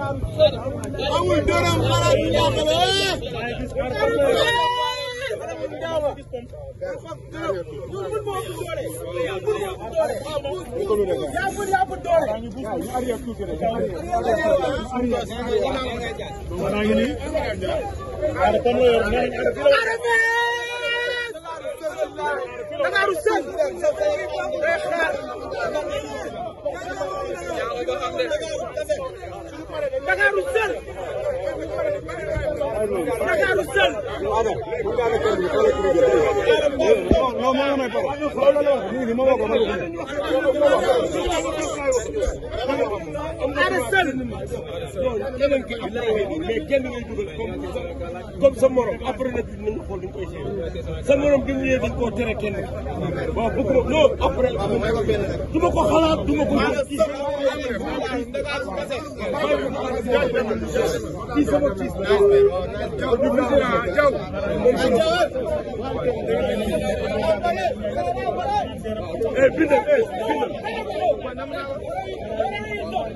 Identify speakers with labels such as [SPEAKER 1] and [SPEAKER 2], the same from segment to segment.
[SPEAKER 1] amul dërëm xalaat yu jàppale yaa eh? Dakaru sel Dakaru sel no no no sell non keneen ki après mais kenn ngay dugal comme comme sa morom après nag nañ xool dañ koy xeex sa morom bi mu ñëwee dañ koo tere kenn waaw bëgg ko non après du ma ko xalaat du ma ko kii kii sama kii jaw du ma jaw moom eh bindal eh bindal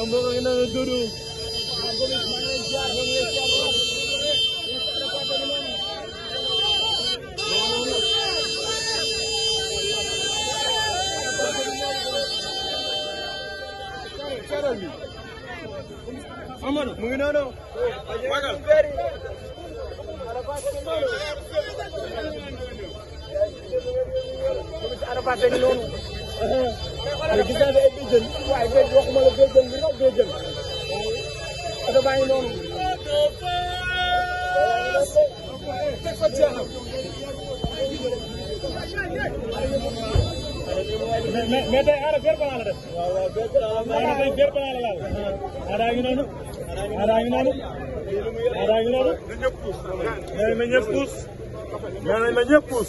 [SPEAKER 1] sama mbokk ak na Dodo amana mu ngi noonu magal Arafat dañu noonu mais gis naa ne ay béjjën waaye béjjën waxuma la béjjën li raw béjjën oto baa ngi noonu teg fa jeexam mais mais tey aada beer balaa la def. waaw waaw beer balaa la laal aada tey beer balaa la laal. aada ngi noonu. aada ngi noonu. aada ngi noonu. nee na ñëpp puus. nee na ñëpp puus.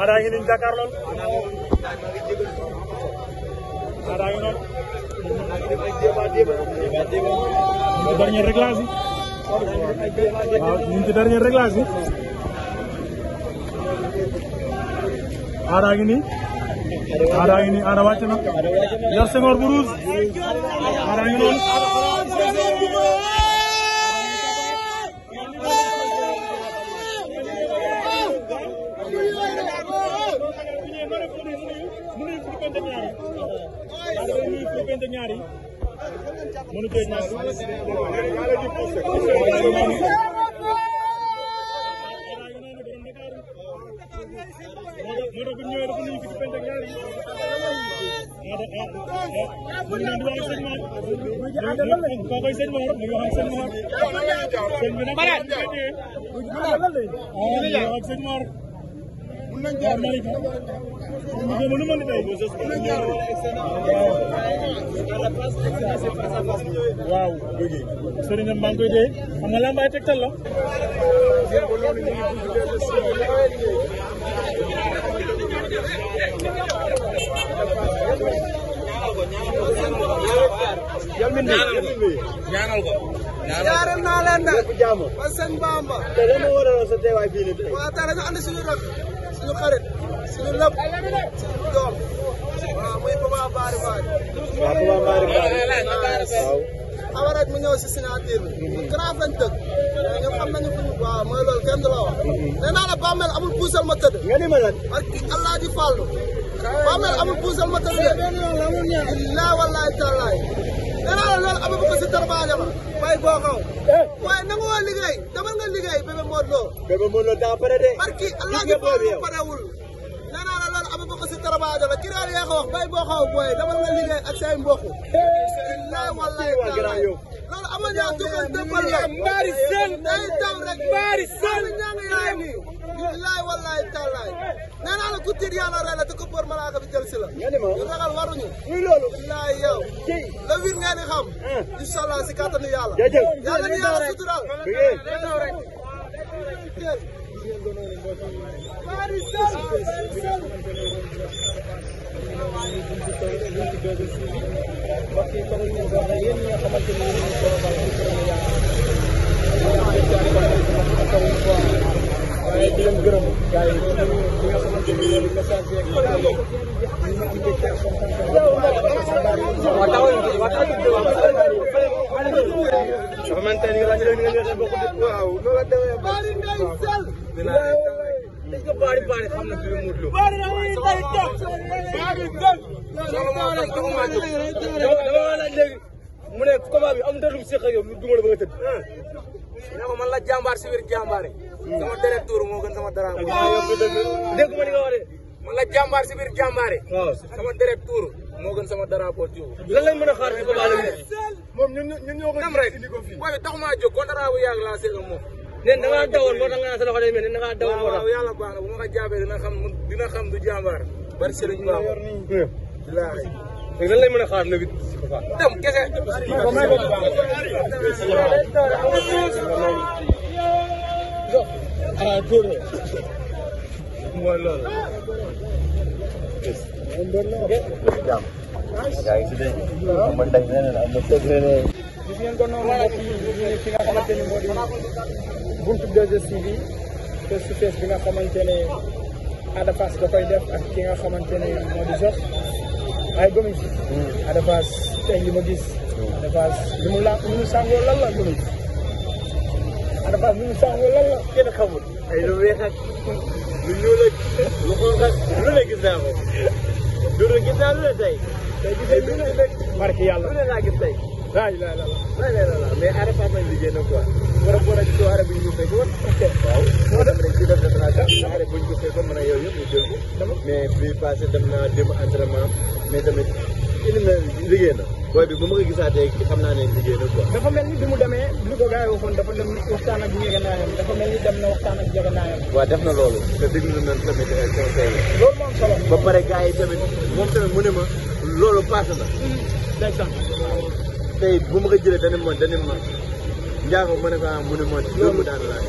[SPEAKER 1] aada ngi ni Dakar lool. ñu ci dernier réglage yi waaw ñu ci dernier réglage yi Ada ngi nii Ada ngi nii Ada wàcc na yor sengoor bu rouge Ada ngi noonu ñaari mënu cee ñàkk moo tax bu ñëwee dafa nuyu ci pentak ñaari moo tax ah, ah, ah, di wax ak sëñ Mor koo koy sëñ Mor mu ngi wax ak sëñ Mor sëñ bi nag waaw bëgg sëriñ am maa ngi koy dee xam nga suñu xarit suñu lépp suñu doom waaw muy Papa Bari Bari. waaw Papa Bari Bari. waaw. awareeg mu ñëw si signature bi. mu mhm. grand fan dëkk. ñoom xam nañu ko waaw mooy loolu kenn du la wax. Mhm. nee naa la bàmmeel amul puusal ma tëdd. nga ni ma lan. ak Allah di fàllu. bàmmeel amul puusal ma tëdd. laa wallaay tallaay. danaa a loolu amagu ko si tarbaale ma waaye boo ko eh. waaye nangu woo liggéey demal nga liggéey bébé Modou Lo bébé Modou Lo daa pare de barki Allah gi boo parewul nee naa ko si tarbaale ma kiraal yaa ko wax bay boo xaw booye demal nga liggéey ak say mbokk eh. laa wallaay loolu ama ñaa tugal dëppal la bari sel day taw rek bari sel ñaa ngi yaay billaay wallaay tallaay nee la ku tiit yàlla rey la te ko pour malaaka bi jël si la. ñu ragal waruñu. muy loolu. billaay yow. la wir ngeen di xam. Eh. si kàttanu yàlla. jërëjëf waaye di leen gërëm gars yi li nga xamante ni mooy message yeeg xabaar yi ñu ngi tuddee kii ak son xabaar yi. waaw taw yi waaw taw yi waaw xabaar yi. dafa mel ni tey ñu ngi laajte ñu ngi leen di bokk di. waaw loolu la demee ba. waaw dinaa leen tawee. est ce que baari baari xam na fi mu mutlu. baari baari baari taw. baari taw. sama maa tax sama maa jóg. dama dama ma laaj léegi mu ne combat bi am na lu mu séq ak yow lu duma la bëgg a tëdd. Ah. nee ko man la jàmbaar si biir jàmbaar yi. sama deret tuuru moo gën sama dara. dégg ma li nga wax de. man la jàmbaar si biir jàmbaare. sama deret tuuru moo gën sama drapeau jiw. lan lañ mën a xaar ci combat la ñu. moom ñun ñun ñoo ko indi ko fii. booy bi taxumaa jóg contrat bu yàgg laa seeg ak moom. neen da ngaa dawoon moo tax nga naan sa loxo day mel ne da ngaa dawoon moo tax. waaw yàlla baax na bu ma ko jaabee dina xam dina xam du jàmbaar. bari Serigne Ba. bilaay. lan mën a xaar le huit si combat. dem ah dóor mooy loolu. gis ngeen ko noonu mbokk yi ñu ne fi nga xamante ni moo di buntu 2STV face to face bi nga xamante ne Ada Fass da koy def ak ki nga xamante ne moo di Zos ay Gomis. Ada Fass tey li ma gis. Ada Fass li mu la li mu sàngoo lan la Gomis. Ada Fass mi ngi sànq lan la kenn xamul ay lu weex ak lu ñuul lu xonq ak lu ne gis naa ko loolu gis naa lu ne tey. tey gis nañ lu ne rek. barki yàlla lu ne laa gis tey. laa ilaaha illallaah laa ilaaha illallaah mais Ada a boole ci soo xare bu ñu ko fekk woon. waaw moo def rek ci def def naa sax soo xare bu ñu ko fekk woon mën a yow yëpp ñu jël ko. mais bii passé dem naa démb mais tamit liggéey na. booy bi bu ma ko gisaatee xam naa ne liggéey na quoi. dafa mel ni bi mu demee li ko gars yi waxoon dafa dem waxtaan ak njëganaayam dafa mel ni dem na waxtaan ak njëganaayam. waaw def na loolu. te déglu nañ tamit ay conseils la. loolu ba pare gars yi tamit moom tamit mu ne ma loolu paase na. Hmm, day sax tey bu ma ko jëlee danañ ma danañ ma njaago ma ne ko ah mu ne ma loolu daan laaj.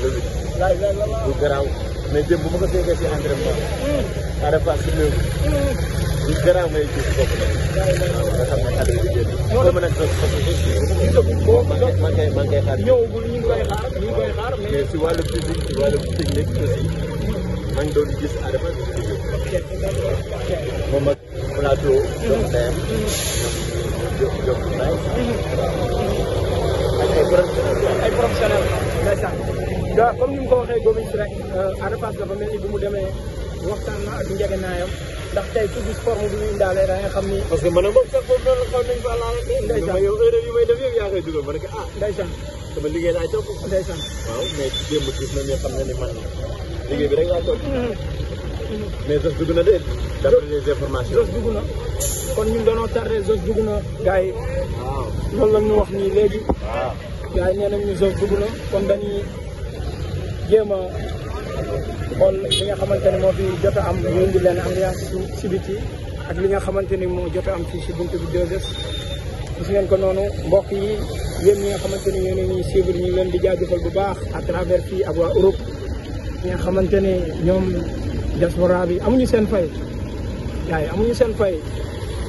[SPEAKER 1] loolu du ah. garaaw mais jëm bu ma ko seetee si entraînement. à la fois lu garaaw ngay gis bopp nag waaw nga xale bi jigéen bi mën a toog parce ko man man kay man kay xaar ñu ngi koy xaar ñu ngi koy xaar si wàllu physique si wàllu technique aussi maa ngi doon gis Adama moom ak plateau doom ndeyam jóg jóg naay ay professionnel ndeysaan da comme ni mu ko waxee Gomis rek euh, Ada Fass mel ni bu mu demee waxtaan na ak njëgënaayam ndax tey ku gis forme bi ñu indaale da nga xam a moom sax foofu noonu ah, mm-hmm. na ni de. d'après les informations Zoss dugg na kon ñun dañoo tardé Zoss dugg na gars yi. waaw wax nii léegi. waaw gars ñu Zoss na kon dañuy jéem xool li nga xamante ne moo fi jot a am ñu indi leen am si biti ak li nga xamante ni moo jot a am fii si bunt bi 2S gis ngeen ko noonu mbokk yi yéen ñi nga xamante ni yéen a ñuy suivre ñu leen di jaajëfal bu baax à travers fii ak waa Europe ñi nga xamante ne ñoom diaspora bi amuñu seen fay yaay amuñu seen fay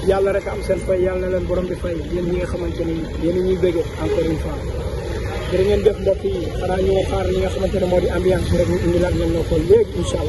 [SPEAKER 1] yàlla rek am seen fay yàlla na leen borom bi fay yéen yi nga xamante ni yéen a ñuy bëgge encore une jërë ngeen def mbokk yi xanaa ñu xaar li ambiance bi rek ñu indilaat leen na ko léegi incha